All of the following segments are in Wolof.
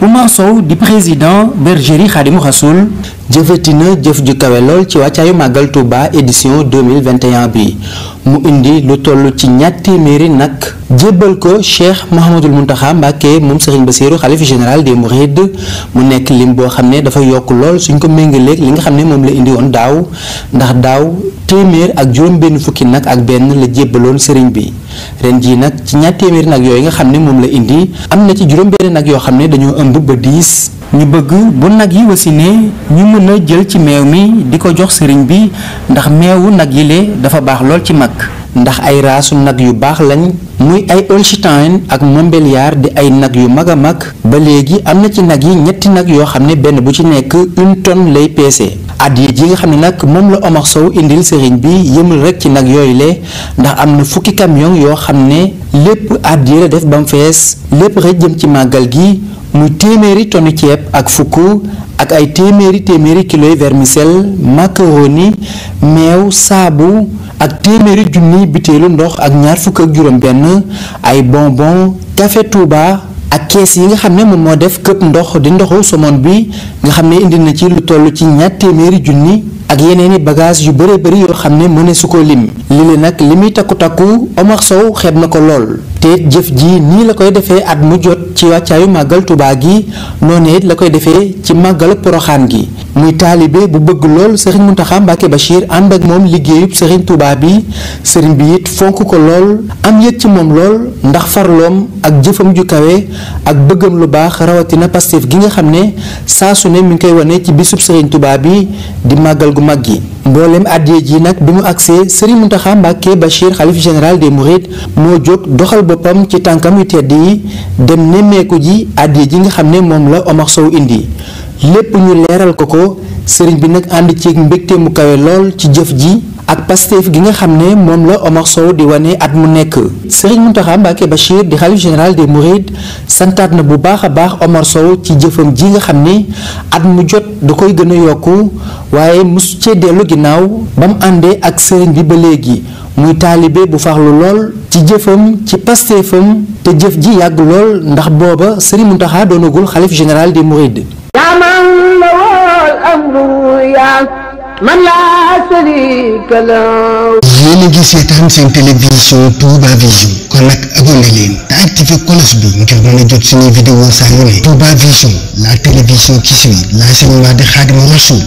Oumar Sow di président bergerie Khadimou Rassoul jëfati na jëf ju kawe lool ci wàccaayu màggal Touba édition 2021 bi mu indi lu toll ci ñaar téeméeri nag jébbal ko Cheikh Mouhamadul Mountakha Mbacké moom Serigne Bassirou xalifa général des Mourides mu nekk lim boo xam ne dafa yokk lool suñ ko méngaleeg li nga xam ne moom la indi woon daaw ndax daaw téeméer ak juróom-benn fukki nag ak benn la jébbaloon Serigne bi ren jii nag ci ñaar téeméeri nag yooyu nga xam ne moom la indi am na ci juróom-benn nag yoo xam ne dañoo ëmb ba diis. ñu bëgg bu nag yi wasinee ñu mën a jël ci meew mi di ko jox sëriñ bi ndax meewu nag yile dafa baax lool ci mag ndax ay raasu nag yu baax lañ muy ay Holstein ak Montbéliarde di ay nag yu mag a mag ba léegi am na ci nag yi ñetti nag yoo xam ne benn bu ci nekk une lay peese addiya ji nga xam ne nag moom la Omar Sow indil sëriñ bi yëmul rek ci nag yooyu le ndax am na fukki camion yoo xam ne lépp addiya la def ba fees lépp rek jëm ci màggal gi mu téeméeri tonu ceeb ak fukk ak ay téeméeri téeméeri kiloy vermicelle macaroni meew saabu ak téeméeri junni butéelu ndox ak ñaar fukk ak juróom benn ay bonbon café Touba ak kees yi nga xam ne moom moo def këpp ndox di ndoxu somon bi nga xam ne indi na ci lu toll ci ñaar téeméeri junni ak yeneen i bagage yu bëree bëri yoo xam ne mëne su ko lim li li nag li muy takku-takku Omar Sow xeeb na ko lool te jëf ji nii la koy defee ak mu jot ci wàccaayu màggal Tuubaa gi noonu it la koy defee ci màggalu Poroxaan gi muy taalibe bu bëgg lool Serigne Mountakha Mbacké Bachir ànd ak moom liggéeyub Serigne Touba bi sëriñ bi it fonk ko lool am yëg ci moom lool ndax farloom ak jëfam ju kawe ak bëggam lu baax rawatina Pastef gi nga xam ne saa su ne mi ngi koy wane ci bisub Serigne tubaab bi di màggal gu mag gi. mboolem addiya ji nag bi mu agsee Serigne Mountakha Mbacké Bachir xalif général des Mourides moo jóg doxal boppam ci tànkam yu tedd yi dem nemmeeku ji addiya ji nga xam ne moom la Sow indi. lépp ñu leeral ko ko sëriñ bi nag ànd ci mbégte mu kawe lool ci jëf ji ak Pastef gi nga xam ne moom la Omar Sow di wane at mu nekk sëriñ Mountakha Mbacké Bachir di xalif général des Mourides santaat na bu baax a baax Omar Sow ci jëfam ji nga xam ne at mu jot da koy gën a yokku waaye mosu cee dellu ginnaaw ba àndee ak sëriñ bi ba léegi muy taalibe bu farlu lool ci jëfam ci Pastefam te jëf ji yàgg lool ndax booba sëriñ Mountakha doonagul xalif général des Mourides yaa man lahu al-amru yaa man laa sharika lahu yéen a ngi seetaan seen télévision Touba Vision kon nag abonné leen te activé cloche bi ngir mën a jot suñuy vidéo saa yu ne Touba Vision la télévision qui suit l'enseignement de Khadimou Rassoul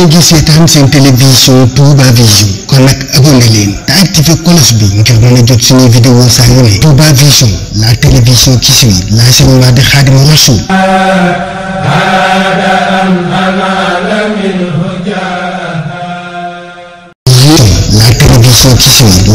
yéen a ngi seetaan seen télévision Touba Vision kon nag abonné leen te a jot la télévision qui